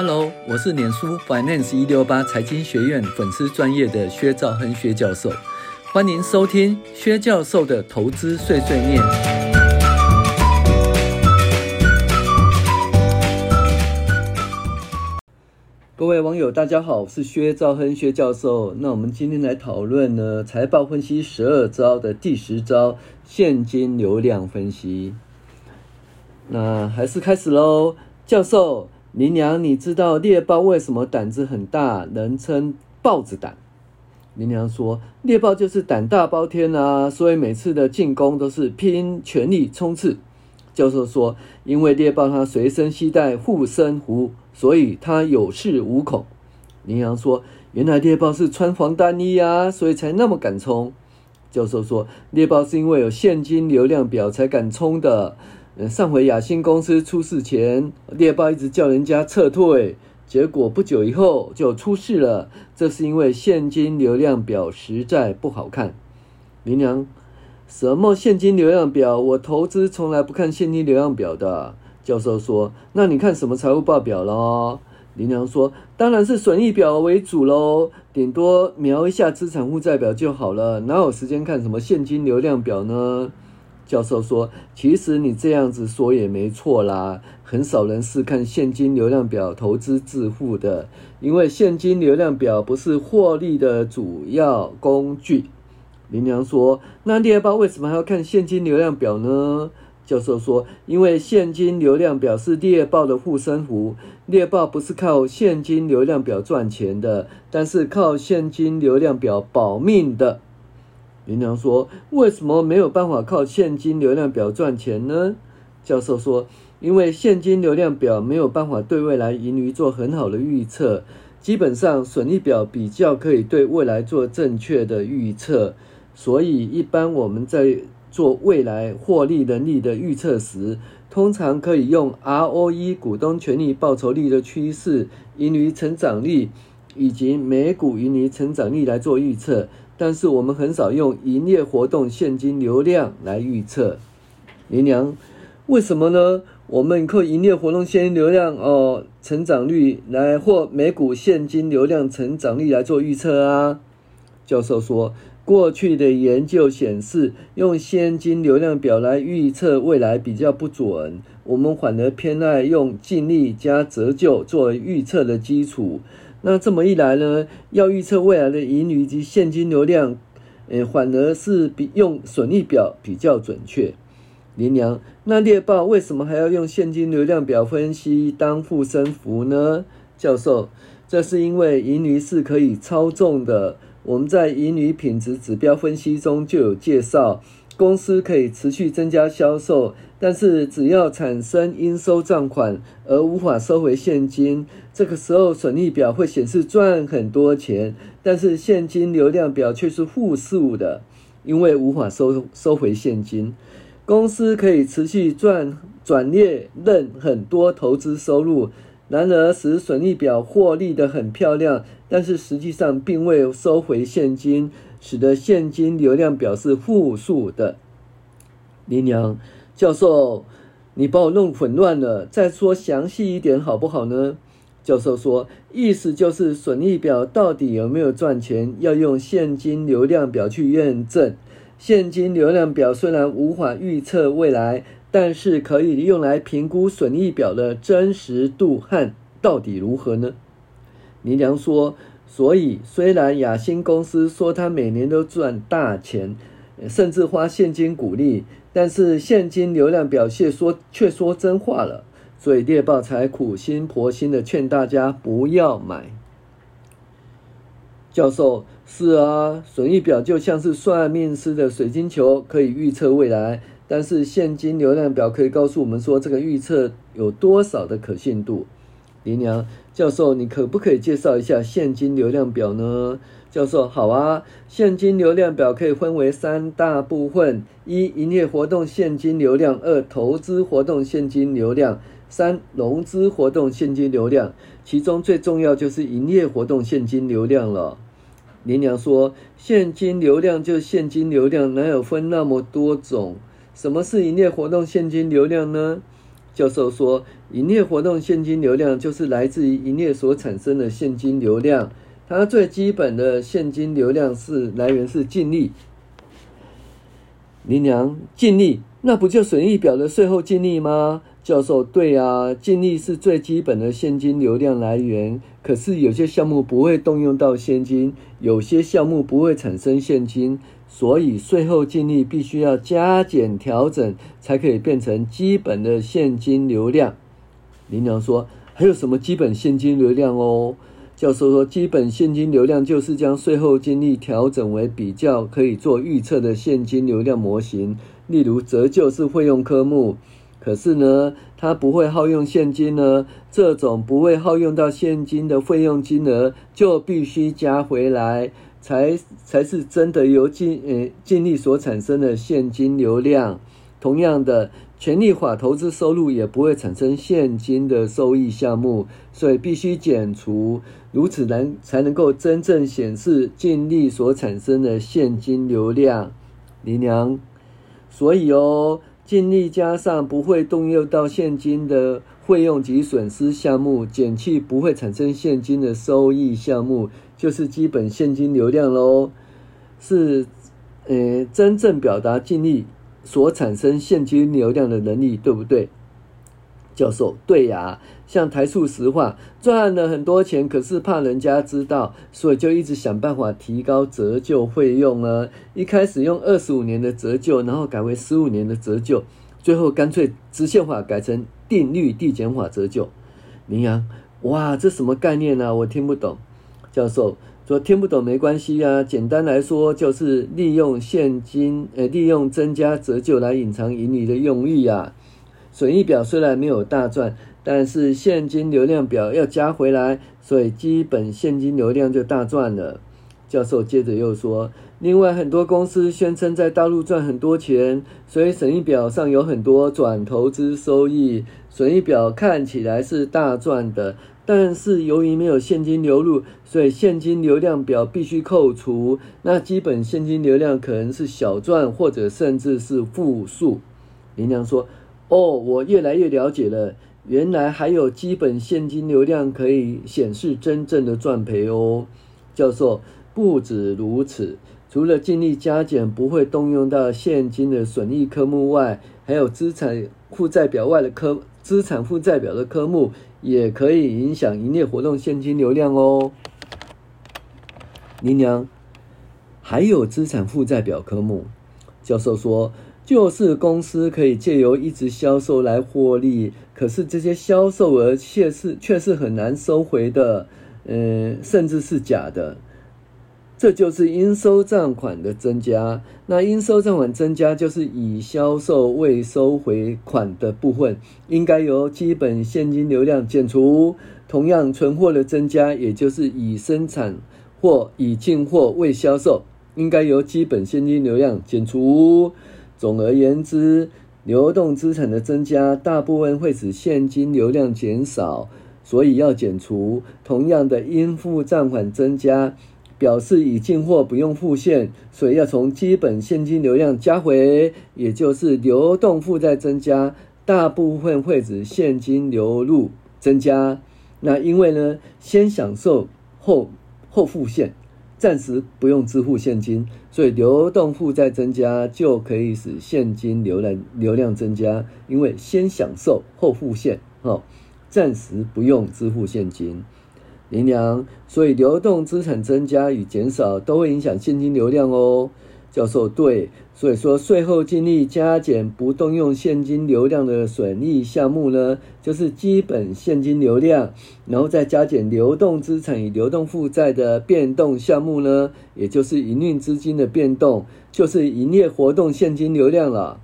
Hello，我是臉書 Finance 一六八財經學院粉絲專業的薛兆亨薛教授，歡迎收聽薛教授的投資碎碎念。各位網友，大家好，我是薛兆亨薛教授。那我們今天來討論呢財報分析十二招的第十招，現金流量分析。那還是開始嘍，教授。羚羊，你知道獵豹為什麼膽子很大，人稱豹子膽？羚羊說，獵豹就是膽大包天啊，所以每次的進攻都是拼全力衝刺。教授說，因為獵豹它隨身攜帶護身符，所以它有恃無恐。羚羊說，原來獵豹是穿防彈衣呀、啊，所以才那麼敢衝。教授說，獵豹是因為有現金流量表才敢衝的。上回雅新公司出事前，獵豹一直叫人家撤退，結果不久以後就出事了。這是因為現金流量表實在不好看。羚羊，什麼現金流量表？我投資從來不看現金流量表的。教授說：“那你看什麼財務報表咯。”羚羊說：“當然是損益表為主咯，頂多瞄一下資產負債表就好了，哪有時間看什麼現金流量表呢？”教授說：“其實你這樣子說也沒錯啦，很少人是看現金流量表投資致富的，因為現金流量表不是獲利的主要工具。”羚羊說：“那獵豹為什麼還要看現金流量表呢？”教授說：“因為現金流量表是獵豹的護身符，獵豹不是靠現金流量表賺錢的，但是靠現金流量表保命的。”羚羊說：“為什麼沒有辦法靠現金流量表賺錢呢？”教授說：“因為現金流量表沒有辦法對未來盈餘做很好的預測，基本上損益表比較可以對未來做正確的預測。所以，一般我們在做未來獲利能力的預測時，通常可以用 ROE（ 股東權益報酬率）的趨勢、盈餘成長率以及每股盈餘成長率來做預測。”但是我們很少用營業活動現金流量來預測，羚羊，為什麼呢？我們靠營業活動現金流量哦成長率來或每股現金流量成長率來做預測啊？教授說，過去的研究顯示，用現金流量表來預測未來比較不準，我們反而偏愛用淨利加折舊作為預測的基礎。那這麼一來呢，要預測未來的盈餘及現金流量，呃，反而是比用損益表比較準確。羚羊，那獵豹為什麼還要用現金流量表分析當護身符呢？教授，這是因為盈餘是可以操縱的。我們在盈餘品質指標分析中就有介紹。公司可以持續增加銷售，但是只要產生應收賬款而無法收回現金，這個時候損益表會顯示賺很多錢，但是現金流量表卻是負數的，因為無法收收回現金。公司可以持續賺轉列，認很多投資收入，然而使損益表獲利得很漂亮，但是實際上並未收回現金。使得現金流量表是負數的。羚羊，教授，你把我弄混亂了。再說詳細一點好不好呢？教授說，意思就是損益表到底有沒有賺錢，要用現金流量表去驗證。現金流量表雖然無法預測未來，但是可以用來評估損益表的真實度，和到底如何呢？羚羊說。所以，雖然雅新公司說它每年都賺大錢，甚至花現金股利，但是現金流量表卻說卻說真話了，所以獵豹才苦心婆心的勸大家不要買。教授，是啊，損益表就像是算命師的水晶球，可以預測未來，但是現金流量表可以告訴我們說，這個預測有多少的可信度。羚羊，叫獸，你可不可以介紹一下現金流量表呢？叫獸，好啊，現金流量表可以分為三大部分：一、營業活動現金流量；二、投資活動現金流量；三、融資活動現金流量。其中最重要就是營業活動現金流量了。羚羊說：“現金流量就現金流量，哪有分那麼多種？什麼是營業活動現金流量呢？”教授說，營業活動現金流量就是來自於營業所產生的現金流量，它最基本的現金流量是來源是淨利。羚羊，淨利那不就損益表的稅後淨利嗎？教授，對啊，淨利是最基本的現金流量來源。可是有些項目不會動用到現金，有些項目不會產生現金，所以稅後淨利必須要加減調整，才可以變成基本的現金流量。羚羊說：“還有什麼基本現金流量哦？”教授說：“基本現金流量就是將稅後淨利調整為比較可以做預測的現金流量模型，例如折舊是費用科目。”可是呢，他不會耗用現金呢。這種不會耗用到現金的費用金額，就必須加回來，才才是真的由淨呃淨利所產生的現金流量。同樣的，權益法投資收入也不會產生現金的收益項目，所以必須減除，如此能才能夠真正顯示淨利所產生的現金流量。林娘，所以哦。淨利加上不會動用到現金的費用及損失項目，減去不會產生現金的收益項目，就是基本現金流量嘍。是，呃、欸，真正表達淨利所產生現金流量的能力，對不對？教授，對呀、啊，像台塑石化賺了很多錢，可是怕人家知道，所以就一直想辦法提高折舊費用啊。一開始用二十五年的折舊，然後改為十五年的折舊，最後乾脆直線法改成定率遞減法折舊。羚羊、啊，哇，這什麼概念呢、啊？我聽不懂。教授說聽不懂沒關係呀、啊，簡單來說就是利用現金，呃、哎，利用增加折舊來隱藏盈利的用意呀、啊。損益表雖然沒有大賺，但是現金流量表要加回來，所以基本現金流量就大賺了。教授接着又說，另外很多公司宣稱在大陸賺很多錢，所以損益表上有很多轉投資收益，損益表看起來是大賺的，但是由於沒有現金流入，所以現金流量表必須扣除，那基本現金流量可能是小賺或者甚至是負數。羚羊說。哦，我越來越了解了。原來還有基本現金流量可以顯示真正的賺賠哦，叫獸。不止如此，除了淨利加減不會動用到現金的損益科目外，還有資產負債表外的科資產負債表的科目也可以影響營業活動現金流量哦。羚羊，還有資產負債表科目，叫獸說。就是公司可以借由一直銷售來獲利，可是這些銷售額卻是卻是很難收回的，嗯，甚至是假的。這就是應收賬款的增加。那應收賬款增加就是已銷售未收回款的部分，應該由基本現金流量減除。同樣，存貨的增加，也就是已生產或已進貨未銷售，應該由基本現金流量減除。總而言之，流動資產的增加，大部分會使現金流量減少，所以要減除。同樣的，應付賬款增加，表示已進貨不用付現，所以要從基本現金流量加回，也就是流動負債增加，大部分會使現金流入增加。那因為呢，先享受後後付現。暫時不用支付現金，所以流動負債增加就可以使現金流量流量增加，因為先享受後付現，哈、哦，暫時不用支付現金，羚羊，所以流動資產增加與減少都會影響現金流量哦。教授，對，所以說稅後淨利加減不動用現金流量的損益項目呢，就是基本現金流量，然後再加減流動資產與流動負債的變動項目呢，也就是營運資金的變動，就是營業活動現金流量了。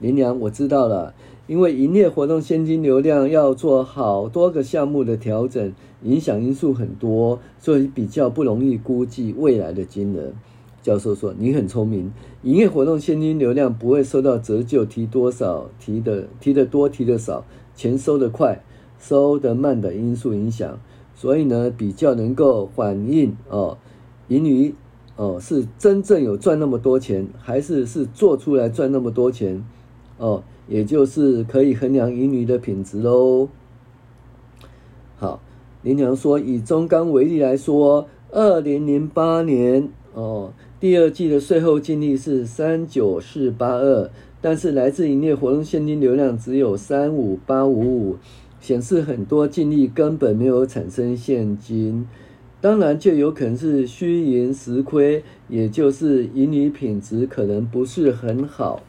羚羊，我知道了，因為營業活動現金流量要做好多個項目的調整，影響因素很多，所以比較不容易估計未來的金額。教授說：“你很聰明，營業活動現金流量不會受到折舊提多少、提的提得多、提的少，錢收得快、收得慢的因素影響，所以呢，比較能夠反映哦，盈餘哦是真正有賺那麼多錢，還是是做出來賺那麼多錢哦，也就是可以衡量盈餘的品質嘍。”好，您比如說以中鋼為例來說，二零零八年哦。第二季的稅後淨利是三九四八二，但是來自營業活動現金流量只有三五八五五，顯示很多淨利根本沒有產生現金，當然就有可能是虛盈實虧，也就是盈利品質可能不是很好。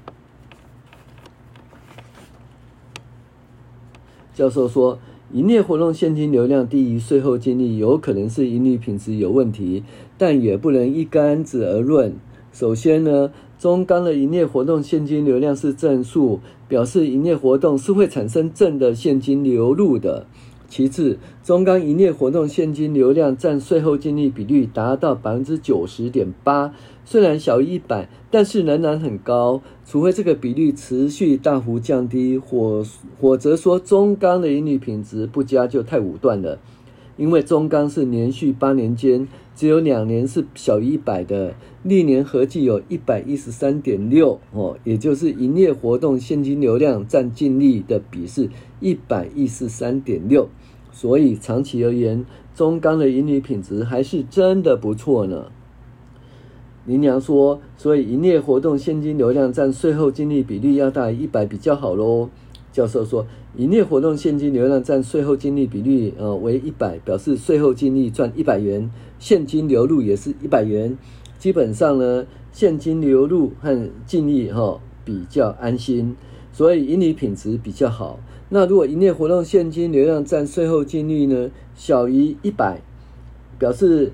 教授說。營業活動現金流量低於稅後淨利，有可能是盈利品質有問題，但也不能一竿子而論。首先呢，中鋼的營業活動現金流量是正數，表示營業活動是會產生正的現金流入的。其次，中鋼營業活動現金流量佔稅後淨利比率達到百分之九十點八。雖然小於一百，但是仍然很高。除非這個比率持續大幅降低，或或者說中鋼的盈利品質不佳就太武斷了。因為中鋼是連續八年間只有兩年是小於一百的，歷年合計有一百一十三點六哦，也就是營業活動現金流量占淨利的比是一百一十三點六，所以長期而言，中鋼的盈利品質還是真的不錯呢。羚羊說：“所以營業活動現金流量占稅後淨利比率要大於一百比較好嘍。”教授說：“營業活動現金流量占稅後淨利比率呃，為一百，表示稅後淨利賺一百元，現金流入也是一百元，基本上呢，現金流入和淨利哈，比較安心，所以盈利品質比較好。那如果營業活動現金流量占稅後淨利呢，小於一百，表示。”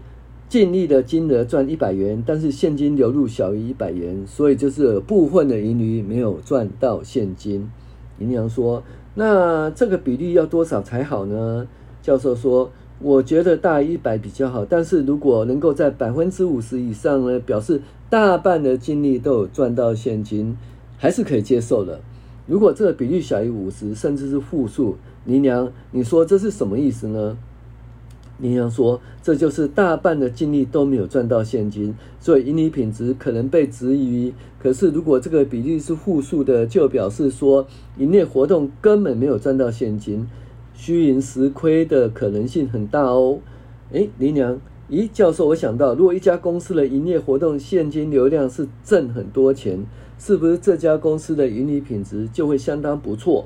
淨利的金額賺一百元，但是現金流入小於一百元，所以就是部分的盈餘沒有賺到現金。羚羊說：“那這個比率要多少才好呢？”教授說：“我覺得大於一百比較好，但是如果能夠在百分之五十以上呢，表示大半的淨利都有賺到現金，還是可以接受的。如果這個比率小於五十，甚至是負數，羚羊，你說這是什麼意思呢？”羚羊說：“這就是大半的淨利都沒有賺到現金，所以盈利品質可能被質疑。可是，如果這個比例是負數的，就表示說營業活動根本沒有賺到現金，虛盈實虧的可能性很大哦。”哎，羚羊，咦，教授，我想到，如果一家公司的營業活動現金流量是掙很多錢，是不是這家公司的盈利品質就會相當不錯？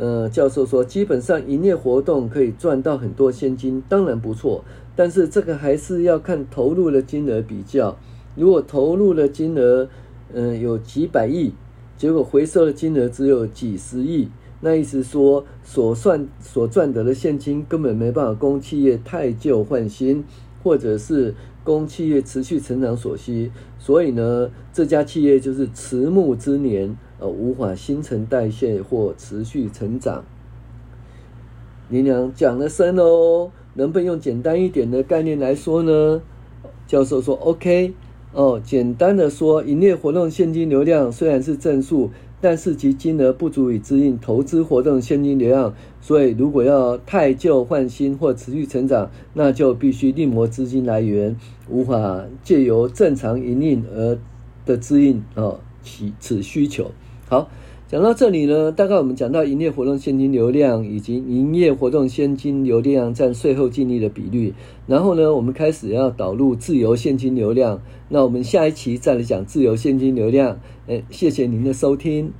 呃、嗯、教授說，基本上營業活動可以賺到很多現金，當然不錯。但是這個還是要看投入的金額比較。如果投入的金額，嗯、有幾百億，結果回收的金額只有幾十億，那意思說，所算所賺得的現金根本沒辦法供企業汰舊換新，或者是供企業持續成長所需。所以呢，這家企業就是遲暮之年。而、哦，無法新陳代謝或持續成長。你娘講了深哦，能不能用簡單一點的概念來說呢？教授說 OK 哦，簡單的說，營業活動現金流量雖然是正數，但是其金額不足以支應投資活動現金流量，所以如果要汰舊換新或持續成長，那就必須另謀資金來源，無法借由正常營運而的支應哦其此需求。好，講到這裡呢，大概我們講到營業活動現金流量以及營業活動現金流量占稅後淨利的比率，然後呢，我們開始要導入自由現金流量。那我們下一期再來講自由現金流量。哎、欸，謝謝您的收聽。